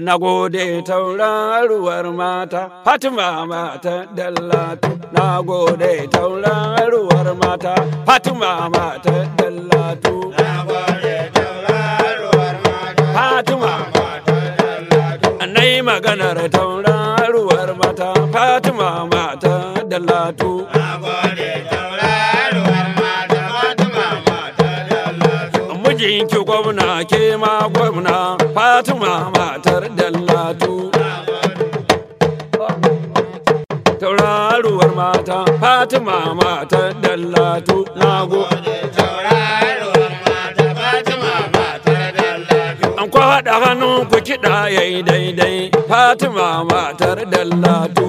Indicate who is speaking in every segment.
Speaker 1: Na gode tauraruwar mata, Fatima mata dallatu. Na gode tauraruwar mata, Fatima mata dallatu. Na gode tauraruwar mata, Fatima mata dallatu. Na yi maganar tauraruwar mata, Fatima mata dallatu. ki gwamna ke ma gwamna fatima matar dallatu tauraruwar mata fatima matar dallatu na an kwa haɗa hannun ku kiɗa yayi daidai fatima matar dallatu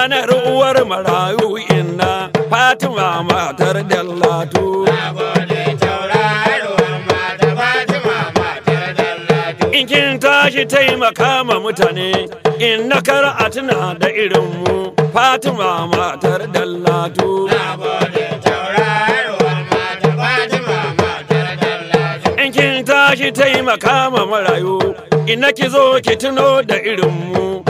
Speaker 1: ranar uwar marayu inna fatima matar dallato in kin tashi taimaka ma mutane in na kar a tuna da irinmu fatima matar dallato in kin tashi taimaka ma marayu in na ki zo ki tuno da irinmu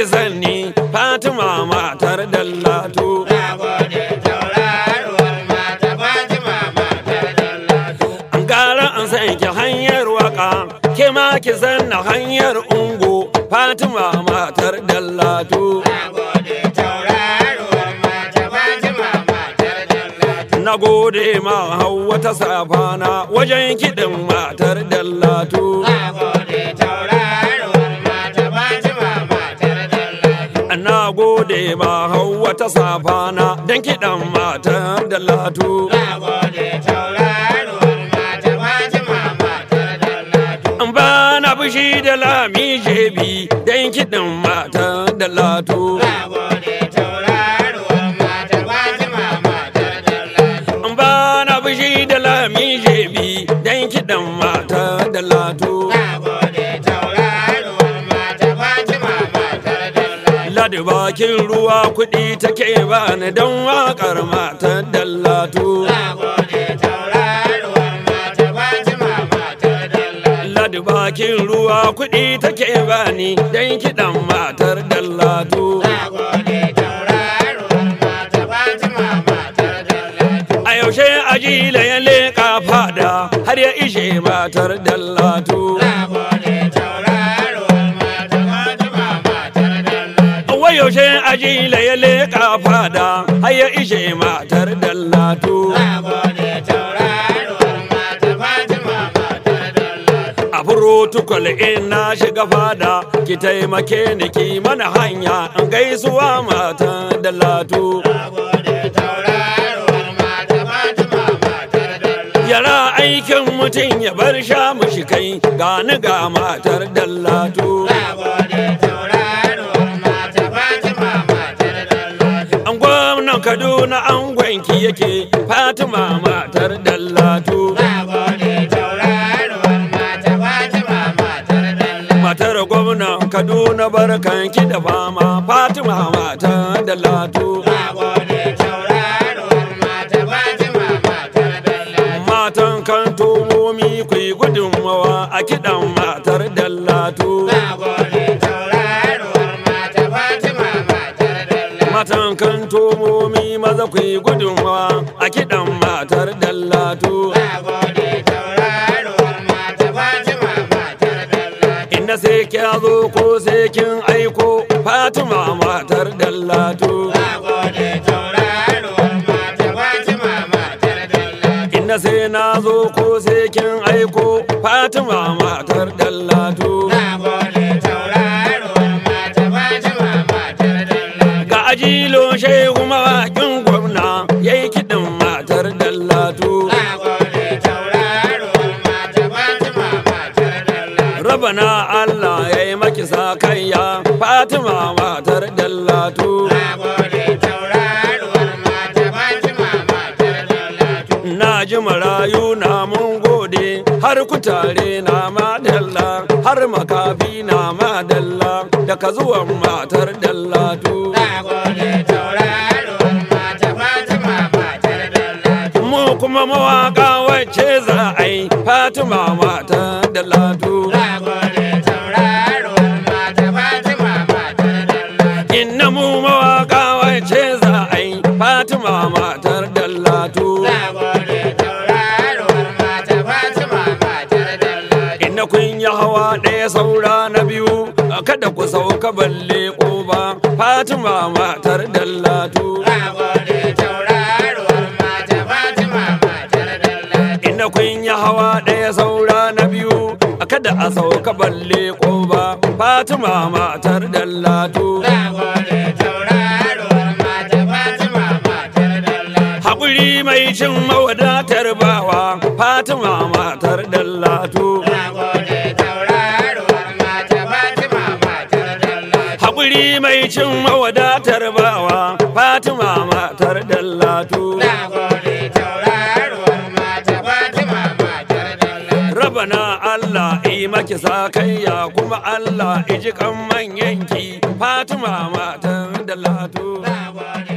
Speaker 1: ki zanni Fatima matar dallatu. gara an hanyar waka, kima ki zanna hanyar ungo Fatima matar dallatu. Na gode ma hawa ta safana wajen kiɗin matar dallatu. Na gode tauraruwar na gode ma hauwa ta safana don kiɗan matar da latu. Na gode tauraruwar mata Fatima matar da latu. Ba na fushi da lami jebi don dan matar da latu. bakin ruwa kuɗi take ba ni don waƙar matar dallatu. Ladi bakin ruwa kuɗi take bani don kiɗan matar dallatu. A yaushe ajila ya leƙa fada har ya ishe matar dallatu. yaushe ajila ya leƙa fada har ya ishe matar dallato. A furo in na shiga fada ki taimake ni ki mana hanya in gaisuwa mata dallato. Yara aikin mutum ya bar sha mushi kai gani ga matar dalatu. kaduna an gwanki yake fatima matar dallatu matar gwamna kaduna barkanki da fama fatima matar dallatu matan kan tumomi ku gudunmawa a kiɗan matar dallatu kanto momi maza ku yi gudunwa a kiɗan matar dallatu. Inna sai kya zo ko sai kin aiko Fatima matar dallatu. Inna sai na zo ko sai kin aiko Fatima matar kayya fatima matar dallatu na ji marayu na mun gode har kutare na madalla har makafi na madalla daga zuwan matar dallatu mu kuma mawaka wacce za a yi fatima matar dallatu ku sauka balle uba fatima matar dallatu ina kun yi hawa ɗaya saura na biyu a kada a sauka balle uba fatima matar dallatu haƙuri mai cin mawadatar bawa fatima matar dallatu rabana Allah yi maki sakayya kuma Allah iji kan manyanki Fatima matan da latu.